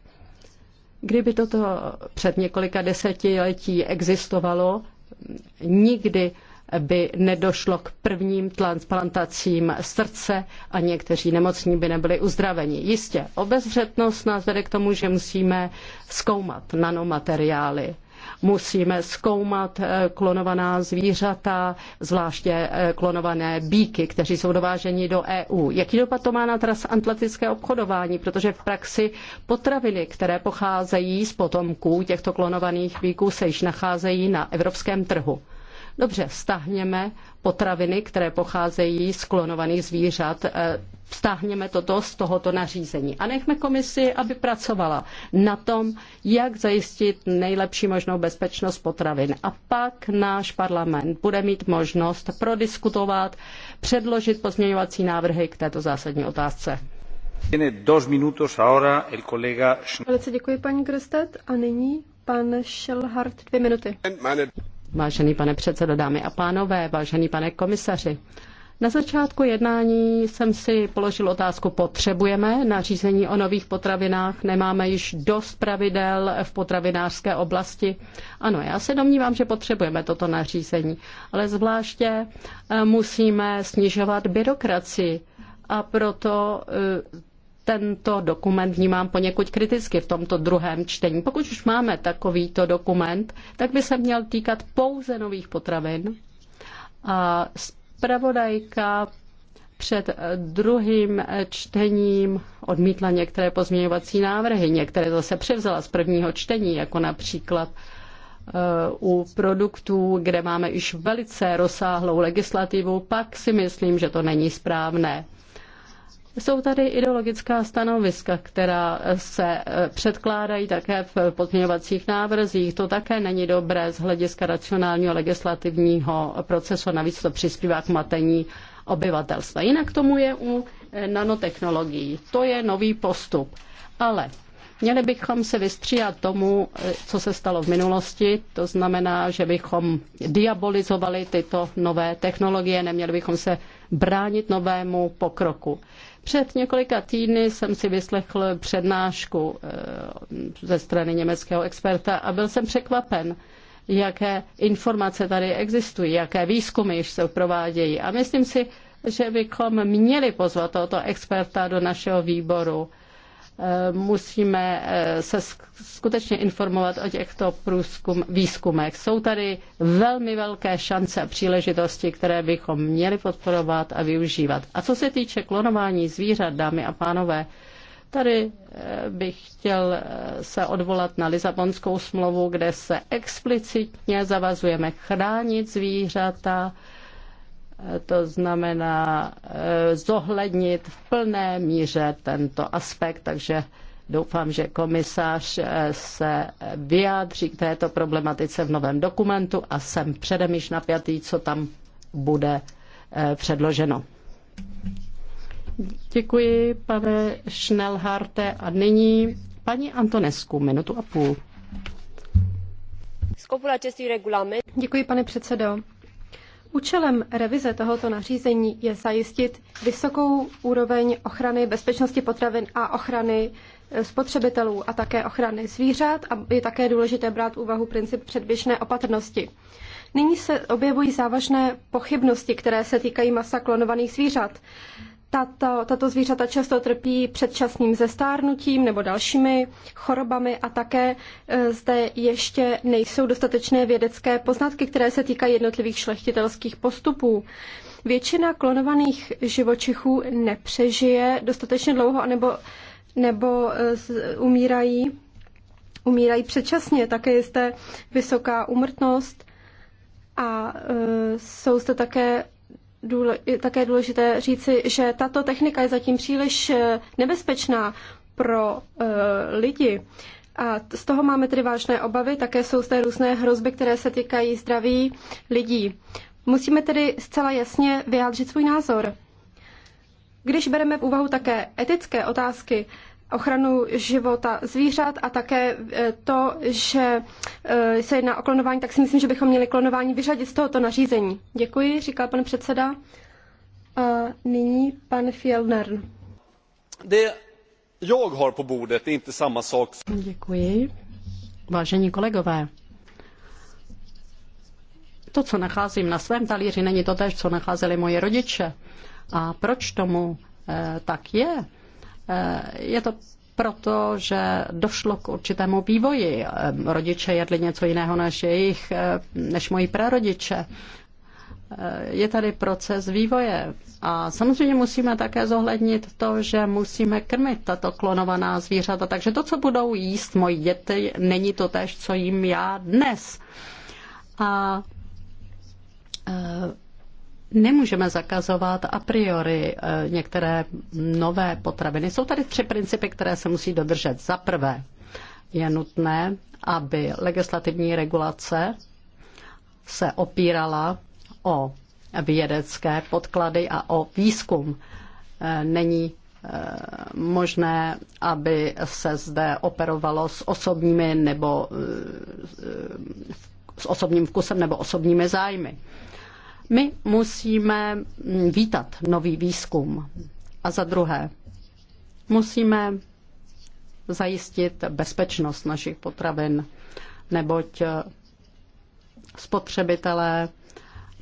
Kdyby toto před několika desetiletí existovalo, nikdy by nedošlo k prvním transplantacím srdce a někteří nemocní by nebyli uzdraveni. Jistě, obezřetnost nás vede k tomu, že musíme zkoumat nanomateriály. Musíme zkoumat eh, klonovaná zvířata, zvláště eh, klonované bíky, kteří jsou dováženi do EU. Jaký dopad to má na transatlantické obchodování? Protože v praxi potraviny, které pocházejí z potomků těchto klonovaných bíků, se již nacházejí na evropském trhu. Dobře, stáhněme potraviny, které pocházejí z klonovaných zvířat, stáhněme eh, toto z tohoto nařízení a nechme komisi, aby pracovala na tom, jak zajistit nejlepší možnou bezpečnost potravin. A pak náš parlament bude mít možnost prodiskutovat, předložit pozměňovací návrhy k této zásadní otázce. Velice děkuji, paní Grostet. A nyní pan Schellhardt, dvě minuty. Vážený pane předsedo, dámy a pánové, vážený pane komisaři, na začátku jednání jsem si položil otázku, potřebujeme nařízení o nových potravinách, nemáme již dost pravidel v potravinářské oblasti. Ano, já se domnívám, že potřebujeme toto nařízení, ale zvláště eh, musíme snižovat byrokracii a proto eh, tento dokument vnímám poněkud kriticky v tomto druhém čtení. Pokud už máme takovýto dokument, tak by se měl týkat pouze nových potravin. A zpravodajka před druhým čtením odmítla některé pozměňovací návrhy, některé zase převzala z prvního čtení, jako například eh, u produktů, kde máme již velice rozsáhlou legislativu, pak si myslím, že to není správné. Jsou tady ideologická stanoviska, která se eh, předkládají také v pozměňovacích návrzích. To také není dobré z hlediska racionálního legislativního procesu, navíc to přispívá k matení obyvatelstva. Jinak tomu je u eh, nanotechnologií. To je nový postup. Ale měli bychom se vystříhat tomu, eh, co se stalo v minulosti, to znamená, že bychom diabolizovali tyto nové technologie, neměli bychom se bránit novému pokroku. Před několika týdny jsem si vyslechl přednášku eh, ze strany německého experta a byl jsem překvapen, jaké informace tady existují, jaké výzkumy již se provádějí. A myslím si, že bychom měli pozvat tohoto experta do našeho výboru. Eh, musíme eh, se skutečně informovat o těchto průzkum, výzkumech. Jsou tady velmi velké šance a příležitosti, které bychom měli podporovat a využívat. A co se týče klonování zvířat, dámy a pánové, Tady eh, bych chtěl se odvolat na Lisabonskou smlouvu, kde se explicitně zavazujeme chránit zvířata, to znamená eh, zohlednit v plné míře tento aspekt, takže doufám, že komisář eh, se vyjádří k této problematice v novém dokumentu a jsem předem již napjatý, co tam bude eh, předloženo. Děkuji, pane Schnellharte. A nyní paní Antonescu, minutu a půl. Děkuji, pane předsedo. Účelem revize tohoto nařízení je zajistit vysokou úroveň ochrany bezpečnosti potravin a ochrany eh, spotřebitelů a také ochrany zvířat a je také důležité brát v úvahu princip předběžné opatrnosti. Nyní se objevují závažné pochybnosti, které se týkají masa klonovaných zvířat. Tato, tato zvířata často trpí předčasným zestárnutím nebo dalšími chorobami a také e, zde ještě nejsou dostatečné vědecké poznatky, které se týkají jednotlivých šlechtitelských postupů. Většina klonovaných živočichů nepřežije dostatečně dlouho anebo, nebo e, umírají, umírají předčasně. Také je zde vysoká umrtnost a e, jsou zde také důle, je také důležité říci, že tato technika je zatím příliš eh, nebezpečná pro e, lidi. A z toho máme tedy vážné obavy, také jsou zde různé hrozby, které se týkají zdraví lidí. Musíme tedy zcela jasně vyjádřit svůj názor. Když bereme v úvahu také etické otázky, ochranu života zvířat a také e, to, že e, se jedná o klonování, tak si myslím, že bychom měli klonování vyřadit z tohoto nařízení. Děkuji, říká pan předseda. A nyní pan Fjellner. Děkuji. Vážení kolegové, to, co nacházím na svém talíři, není to tež, co nacházeli moje rodiče. A proč tomu eh, tak je? Eh, je to proto, že došlo k určitému vývoji. Eh, rodiče jedli něco jiného než jejich, eh, než moji prarodiče. Je tady proces vývoje a samozřejmě musíme také zohlednit to, že musíme krmit tato klonovaná zvířata. Takže to, co budou jíst moji děti, není to tež, co jim já dnes. A nemůžeme zakazovat a priori eh, některé nové potraviny. Jsou tady tři principy, které se musí dodržet. Za prvé je nutné, aby legislativní regulace se opírala o vědecké podklady a o výzkum. Eh, není eh, možné, aby se zde operovalo s osobními nebo s osobním vkusem nebo osobními zájmy. My musíme vítat nový výzkum. A za druhé, musíme zajistit bezpečnost našich potravin, neboť spotřebitelé,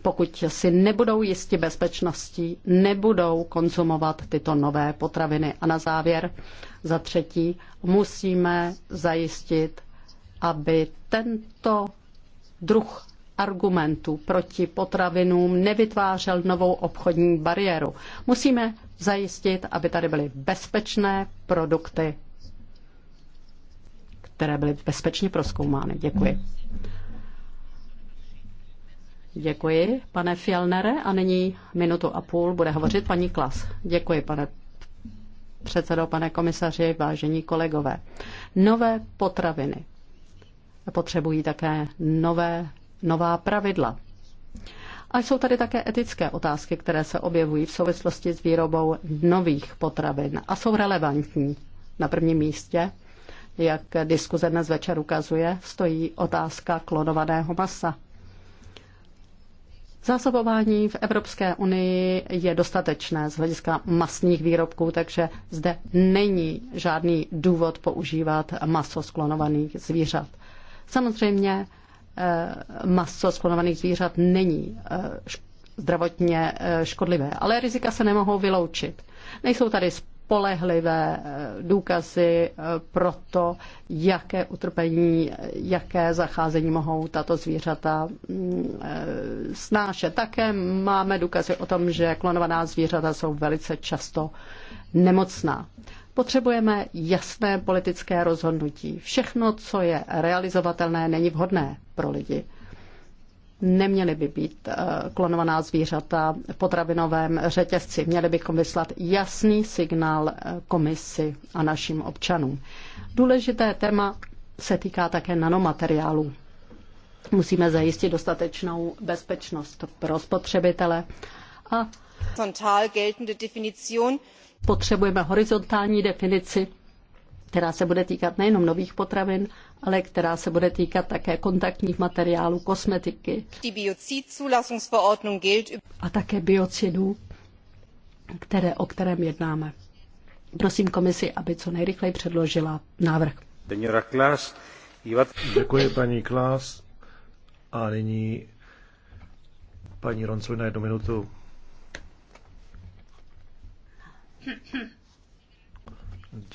pokud si nebudou jisti bezpečností, nebudou konzumovat tyto nové potraviny. A na závěr, za třetí, musíme zajistit, aby tento druh argumentů proti potravinům nevytvářel novou obchodní bariéru. Musíme zajistit, aby tady byly bezpečné produkty, které byly bezpečně proskoumány. Děkuji. Děkuji, pane Fjellnere. A nyní minutu a půl bude hovořit paní Klas. Děkuji, pane předsedo, pane komisaři, vážení kolegové. Nové potraviny potřebují také nové nová pravidla. A jsou tady také etické otázky, které se objevují v souvislosti s výrobou nových potravin a jsou relevantní. Na prvním místě, jak diskuze dnes večer ukazuje, stojí otázka klonovaného masa. Zásobování v Evropské unii je dostatečné z hlediska masných výrobků, takže zde není žádný důvod používat maso klonovaných zvířat. Samozřejmě Eh, maso z klonovaných zvířat není eh, zdravotně eh, škodlivé, ale rizika se nemohou vyloučit. Nejsou tady spolehlivé důkazy pro to, jaké utrpení, jaké zacházení mohou tato zvířata mm, snášet. Také máme důkazy o tom, že klonovaná zvířata jsou velice často nemocná. Potřebujeme jasné politické rozhodnutí. Všechno, co je realizovatelné, není vhodné pro lidi. Neměly by být eh, klonovaná zvířata v potravinovém řetězci. Měli bychom vyslat jasný signál eh, komisi a našim občanům. Důležité téma se týká také nanomateriálů. Musíme zajistit dostatečnou bezpečnost pro spotřebitele a frontal geltende Definition Potřebujeme horizontální definici, která se bude týkat nejenom nových potravin, ale která se bude týkat také kontaktních materiálů, kosmetiky a také biocidů, které, o kterém jednáme. Prosím komisi, aby co nejrychleji předložila návrh. Děkuji paní Klas. a nyní paní Roncovi na jednu minutu.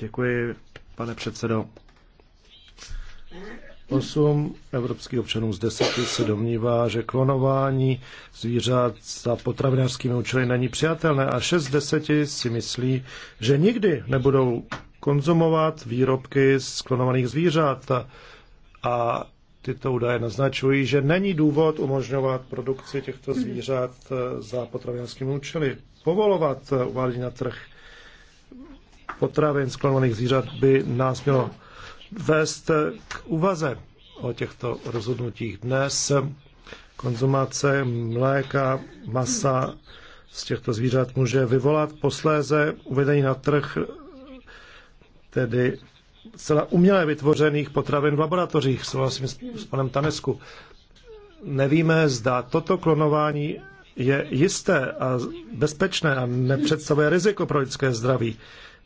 Děkuji, pane předsedo. Osm evropských občanů z deseti se domnívá, že klonování zvířat za potravinářskými účely není přijatelné a šest z deseti si myslí, že nikdy nebudou konzumovat výrobky z klonovaných zvířat a, a tyto údaje naznačují, že není důvod umožňovat produkci těchto zvířat za potravinářskými účely, povolovat uvádění na trh potravin z klonovaných zvířat by nás mělo vést k úvaze o těchto rozhodnutích. Dnes konzumace mléka, masa z těchto zvířat může vyvolat posléze uvedení na trh tedy zcela uměle vytvořených potravin v laboratořích, souhlasím s panem Tanesku. Nevíme, zda toto klonování je jisté a bezpečné a nepředstavuje riziko pro lidské zdraví.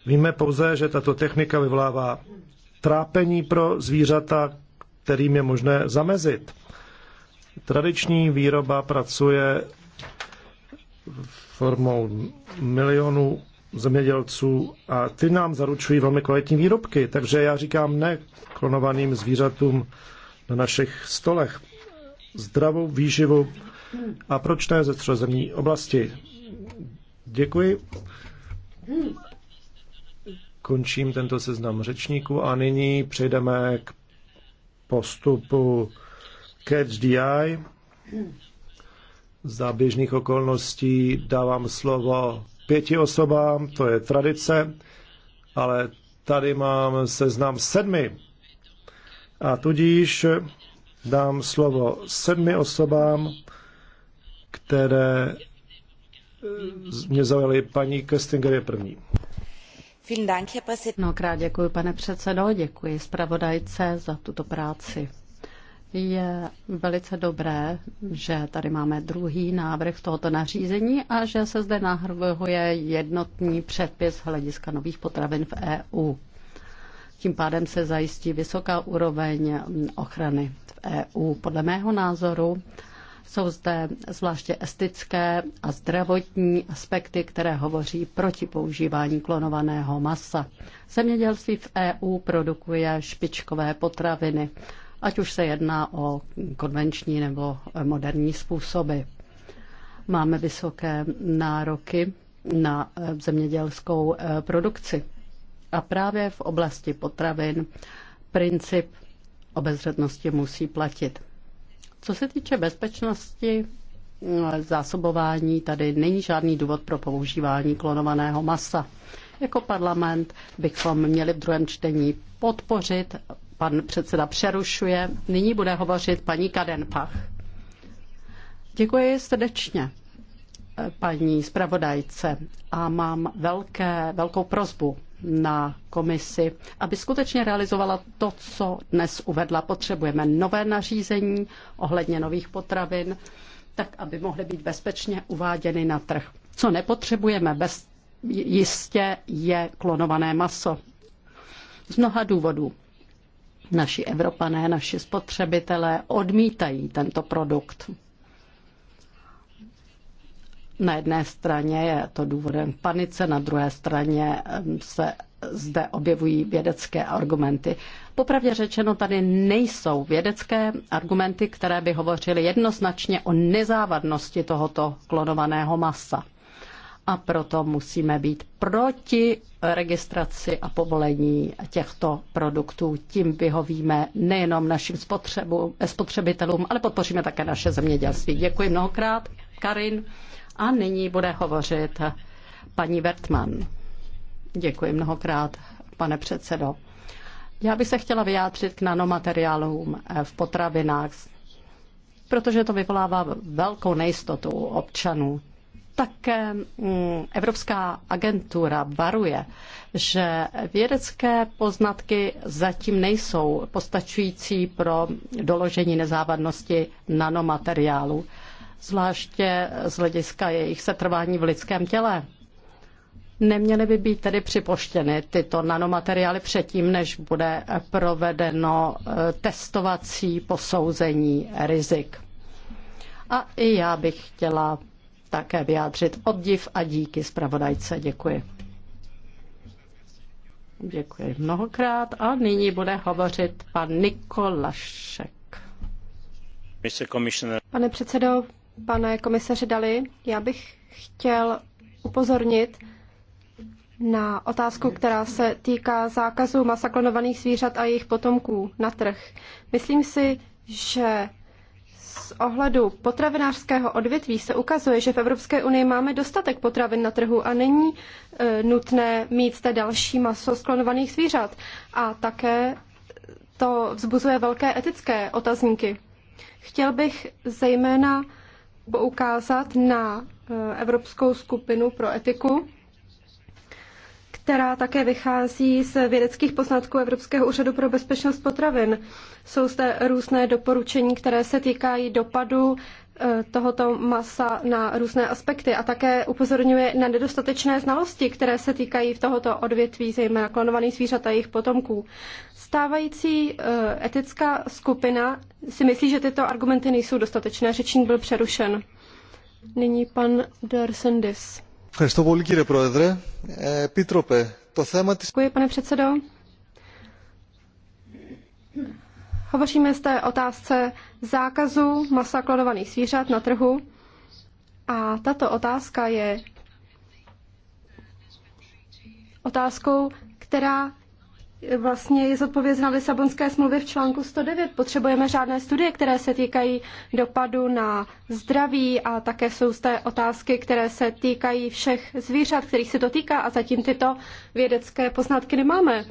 Víme pouze, že tato technika vyvolává trápení pro zvířata, kterým je možné zamezit. Tradiční výroba pracuje formou milionů zemědělců a ty nám zaručují velmi kvalitní výrobky. Takže já říkám ne klonovaným zvířatům na našich stolech. Zdravou výživu a proč ne ze středozemní oblasti. Děkuji končím tento seznam řečníků a nyní přejdeme k postupu Catch the Eye. Za běžných okolností dávám slovo pěti osobám, to je tradice, ale tady mám seznam sedmi. A tudíž dám slovo sedmi osobám, které mě zaujaly paní Kestinger je první. Mnohokrát děkuji, pane předsedo, děkuji zpravodajce za tuto práci. Je velice dobré, že tady máme druhý návrh tohoto nařízení a že se zde nahrvuje jednotný předpis hlediska nových potravin v EU. Tím pádem se zajistí vysoká úroveň ochrany v EU. Podle mého názoru jsou zde zvláště estické a zdravotní aspekty, které hovoří proti používání klonovaného masa. Zemědělství v EU produkuje špičkové potraviny, ať už se jedná o konvenční nebo moderní způsoby. Máme vysoké nároky na zemědělskou e, produkci. A právě v oblasti potravin princip obezřetnosti musí platit. Co se týče bezpečnosti eh, zásobování, tady není žádný důvod pro používání klonovaného masa. Jako parlament bychom měli v druhém čtení podpořit. Pan předseda přerušuje. Nyní bude hovořit paní Kadenpach. Děkuji srdečně eh, paní zpravodajce a mám velké, velkou prozbu na komisi, aby skutečně realizovala to, co dnes uvedla. Potřebujeme nové nařízení ohledně nových potravin, tak aby mohly být bezpečně uváděny na trh. Co nepotřebujeme bez, jistě je klonované maso. Z mnoha důvodů. Naši Evropané, naši spotřebitelé odmítají tento produkt. Na jedné straně je to důvodem panice, na druhé straně se zde objevují vědecké argumenty. Popravdě řečeno, tady nejsou vědecké argumenty, které by hovořily jednoznačně o nezávadnosti tohoto klonovaného masa. A proto musíme být proti registraci a povolení těchto produktů. Tím vyhovíme nejenom našim spotřebu, spotřebitelům, ale podpoříme také naše zemědělství. Děkuji mnohokrát. Karin. A nyní bude hovořit paní Vertman. Děkuji mnohokrát, pane předsedo. Já bych se chtěla vyjádřit k nanomateriálům v potravinách, protože to vyvolává velkou nejistotu u občanů. Také mm, Evropská agentura varuje, že vědecké poznatky zatím nejsou postačující pro doložení nezávadnosti nanomateriálu zvláště z hlediska jejich setrvání v lidském těle. Neměly by být tedy připoštěny tyto nanomateriály předtím, než bude provedeno eh, testovací posouzení rizik. A i já bych chtěla také vyjádřit obdiv a díky zpravodajce. Děkuji. Děkuji mnohokrát a nyní bude hovořit pan Nikolašek. Pane předsedo, pane komisaři Dali. Já bych chtěl upozornit na otázku, která se týká zákazu masaklonovaných zvířat a jejich potomků na trh. Myslím si, že z ohledu potravinářského odvětví se ukazuje, že v Evropské unii máme dostatek potravin na trhu a není e, nutné mít zde další maso sklonovaných zvířat. A také to vzbuzuje velké etické otazníky. Chtěl bych zejména poukázat na e, Evropskou skupinu pro etiku, která také vychází z vědeckých poznatků Evropského úřadu pro bezpečnost potravin. Jsou zde různé doporučení, které se týkají dopadu e, tohoto masa na různé aspekty a také upozorňuje na nedostatečné znalosti, které se týkají v tohoto odvětví, zejména klonovaných zvířat a jejich potomků. Stávající eh, etická skupina si myslí, že tyto argumenty nejsou dostatečné. Řečník byl přerušen. Nyní pan Dersendis. Děkuji, pane předsedo. Hovoříme z té otázce zákazu masa klonovaných zvířat na trhu. A tato otázka je otázkou, která vlastně je zodpovězena v Lisabonské smlouvě v článku 109. Potřebujeme řádné studie, které se týkají dopadu na zdraví a také jsou zde otázky, které se týkají všech zvířat, kterých se to týká a zatím tyto vědecké poznatky nemáme.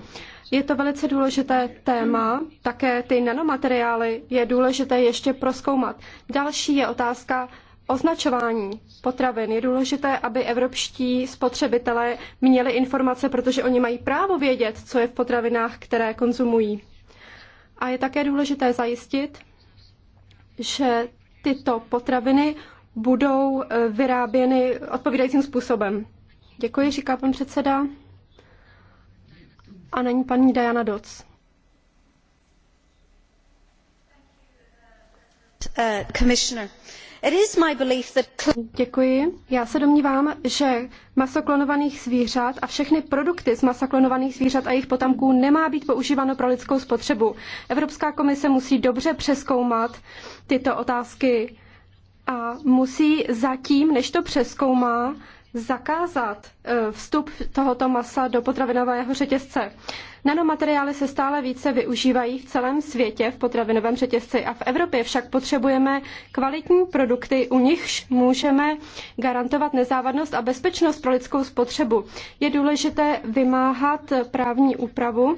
Je to velice důležité téma, také ty nanomateriály je důležité ještě proskoumat. Další je otázka Označování potravin je důležité, aby evropští spotřebitelé měli informace, protože oni mají právo vědět, co je v potravinách, které konzumují. A je také důležité zajistit, že tyto potraviny budou eh, vyráběny odpovídajícím způsobem. Děkuji, říká pan předseda. A není paní Diana Doc. Uh, commissioner. Děkuji. Já se domnívám, že maso klonovaných zvířat a všechny produkty z masa klonovaných zvířat a jejich potomků nemá být používáno pro lidskou spotřebu. Evropská komise musí dobře přeskoumat tyto otázky a musí zatím, než to přeskoumá, zakázat eh, vstup tohoto masa do potravinového řetězce. Nanomateriály se stále více využívají v celém světě v potravinovém řetězci a v Evropě však potřebujeme kvalitní produkty, u nichž můžeme garantovat nezávadnost a bezpečnost pro lidskou spotřebu. Je důležité vymáhat právní úpravu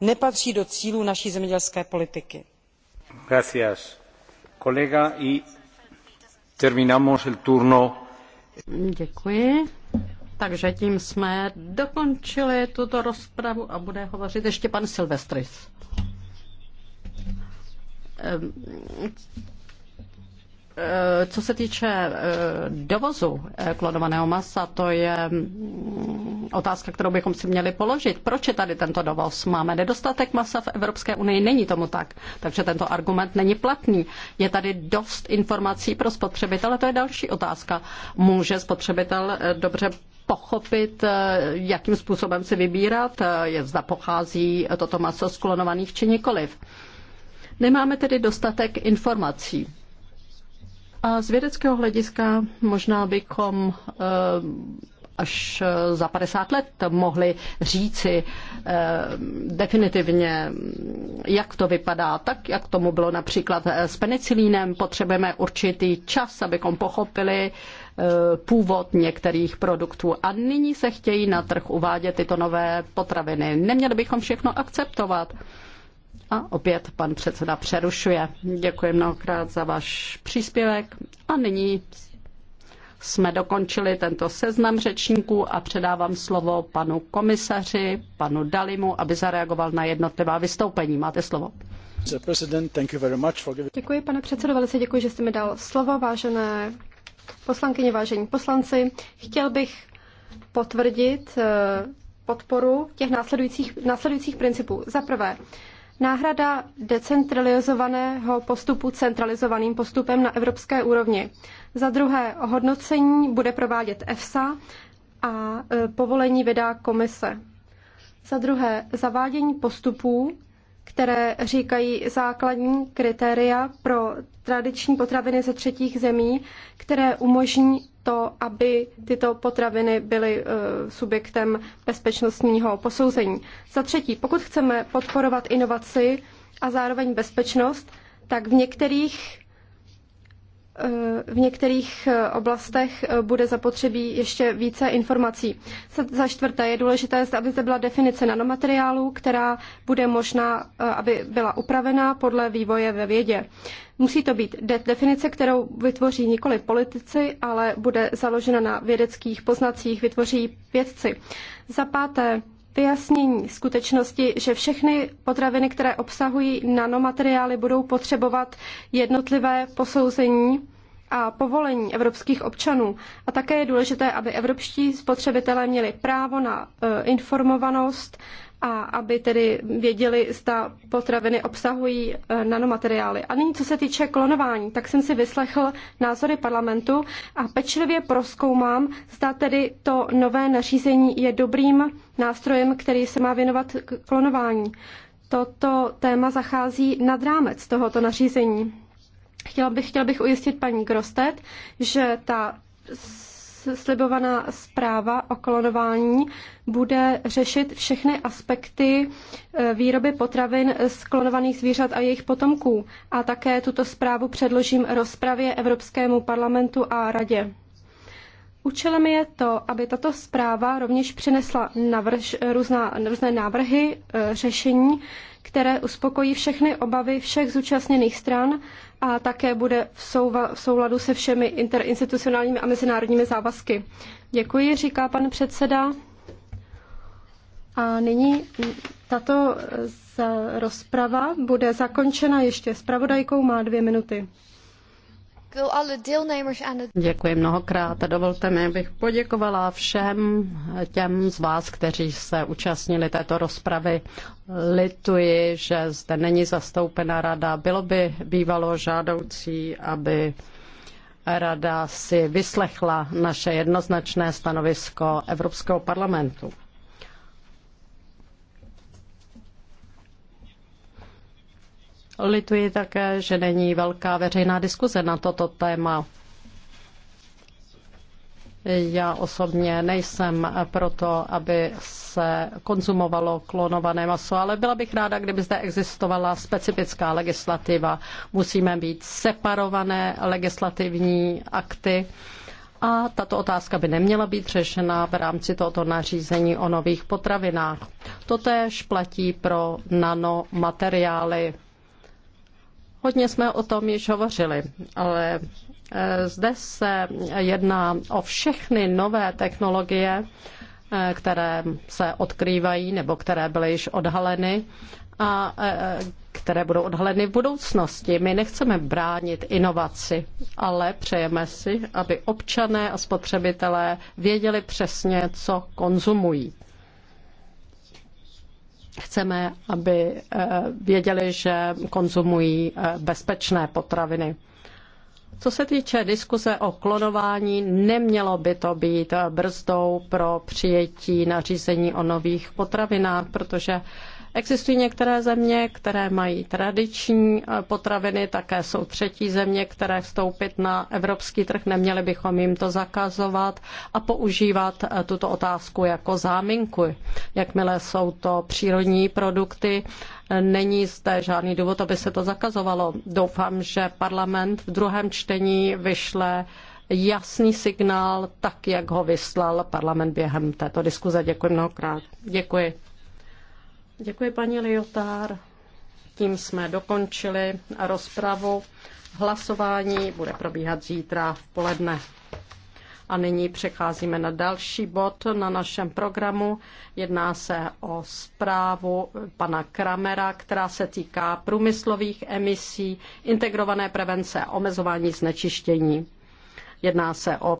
nepatří do cílů naší zemědělské politiky. Děkuji. Takže tím jsme dokončili tuto rozpravu a bude hovořit ještě pan Silvestris ehm, Eh, co se týče eh, dovozu eh, klonovaného masa, to je mm, otázka, kterou bychom si měli položit. Proč je tady tento dovoz? Máme nedostatek masa v Evropské unii? Není tomu tak. Takže tento argument není platný. Je tady dost informací pro spotřebitele? To je další otázka. Může spotřebitel dobře pochopit, jakým způsobem si vybírat, zda pochází toto maso z klonovaných či nikoliv. Nemáme tedy dostatek informací. A z vědeckého hlediska možná bychom eh, až za 50 let mohli říci eh, definitivně, jak to vypadá, tak jak tomu bylo například eh, s penicilínem. Potřebujeme určitý čas, abychom pochopili původ některých produktů. A nyní se chtějí na trh uvádět tyto nové potraviny. Neměli bychom všechno akceptovat. A opět pan předseda přerušuje. Děkuji mnohokrát za váš příspěvek. A nyní jsme dokončili tento seznam řečníků a předávám slovo panu komisaři, panu Dalimu, aby zareagoval na jednotlivá vystoupení. Máte slovo. Děkuji, pane předsedo, velice děkuji, že jste mi dal slovo, vážené poslankyně, vážení poslanci. Chtěl bych potvrdit eh, podporu těch následujících, následujících principů. Za prvé, Náhrada decentralizovaného postupu centralizovaným postupem na evropské úrovni. Za druhé, hodnocení bude provádět EFSA a e, povolení vydá komise. Za druhé, zavádění postupů, které říkají základní kritéria pro tradiční potraviny ze třetích zemí, které umožní to, aby tyto potraviny byly eh, subjektem bezpečnostního posouzení. Za třetí, pokud chceme podporovat inovaci a zároveň bezpečnost, tak v některých v některých eh, oblastech eh, bude zapotřebí ještě více informací. Za čtvrté je důležité, aby zde byla definice nanomateriálů, která bude možná, eh, aby byla upravená podle vývoje ve vědě. Musí to být definice, kterou vytvoří nikoli politici, ale bude založena na vědeckých poznacích, vytvoří vědci. Za páté, vyjasnění skutečnosti, že všechny potraviny, které obsahují nanomateriály, budou potřebovat jednotlivé posouzení a povolení evropských občanů. A také je důležité, aby evropští spotřebitelé měli právo na eh, informovanost, a aby tedy věděli, zda potraviny obsahují eh, nanomateriály. A nyní, co se týče klonování, tak jsem si vyslechl názory parlamentu a pečlivě proskoumám, zda tedy to nové nařízení je dobrým nástrojem, který se má věnovat klonování. Toto téma zachází nad rámec tohoto nařízení. Chtěla bych, chtěla bych ujistit paní Grostet, že ta slibovaná zpráva o klonování bude řešit všechny aspekty eh, výroby potravin z klonovaných zvířat a jejich potomků. A také tuto zprávu předložím rozpravě Evropskému parlamentu a radě. Účelem je to, aby tato zpráva rovněž přinesla navrž, různá, různé návrhy, eh, řešení, které uspokojí všechny obavy všech zúčastněných stran a také bude v, souva, v souladu se všemi interinstitucionálními a mezinárodními závazky. Děkuji, říká pan předseda. A nyní tato eh, rozprava bude zakončena ještě zpravodajkou, má dvě minuty. Děkuji mnohokrát a dovolte mi, abych poděkovala všem těm z vás, kteří se účastnili této rozpravy. Lituji, že zde není zastoupena rada. Bylo by bývalo žádoucí, aby rada si vyslechla naše jednoznačné stanovisko Evropského parlamentu. Lituji také, že není velká veřejná diskuze na toto téma. Já osobně nejsem proto, aby se konzumovalo klonované maso, ale byla bych ráda, kdyby zde existovala specifická legislativa. Musíme být separované legislativní akty a tato otázka by neměla být řešena v rámci tohoto nařízení o nových potravinách. Totéž platí pro nanomateriály. Hodně jsme o tom již hovořili, ale e, zde se jedná o všechny nové technologie, e, které se odkrývají nebo které byly již odhaleny a e, které budou odhaleny v budoucnosti. My nechceme bránit inovaci, ale přejeme si, aby občané a spotřebitelé věděli přesně, co konzumují. Chceme, aby eh, věděli, že konzumují eh, bezpečné potraviny. Co se týče diskuse o klonování, nemělo by to být brzdou pro přijetí nařízení o nových potravinách, protože Existují některé země, které mají tradiční eh, potraviny, také jsou třetí země, které vstoupit na evropský trh. Neměli bychom jim to zakazovat a používat eh, tuto otázku jako záminku. Jakmile jsou to přírodní produkty, eh, není zde žádný důvod, aby se to zakazovalo. Doufám, že parlament v druhém čtení vyšle jasný signál, tak jak ho vyslal parlament během této diskuze. Děkuji mnohokrát. Děkuji. Děkuji, paní Liotár. Tím jsme dokončili rozpravu. Hlasování bude probíhat zítra v poledne. A nyní přecházíme na další bod na našem programu. Jedná se o zprávu pana Kramera, která se týká průmyslových emisí, integrované prevence a omezování znečištění. Jedná se o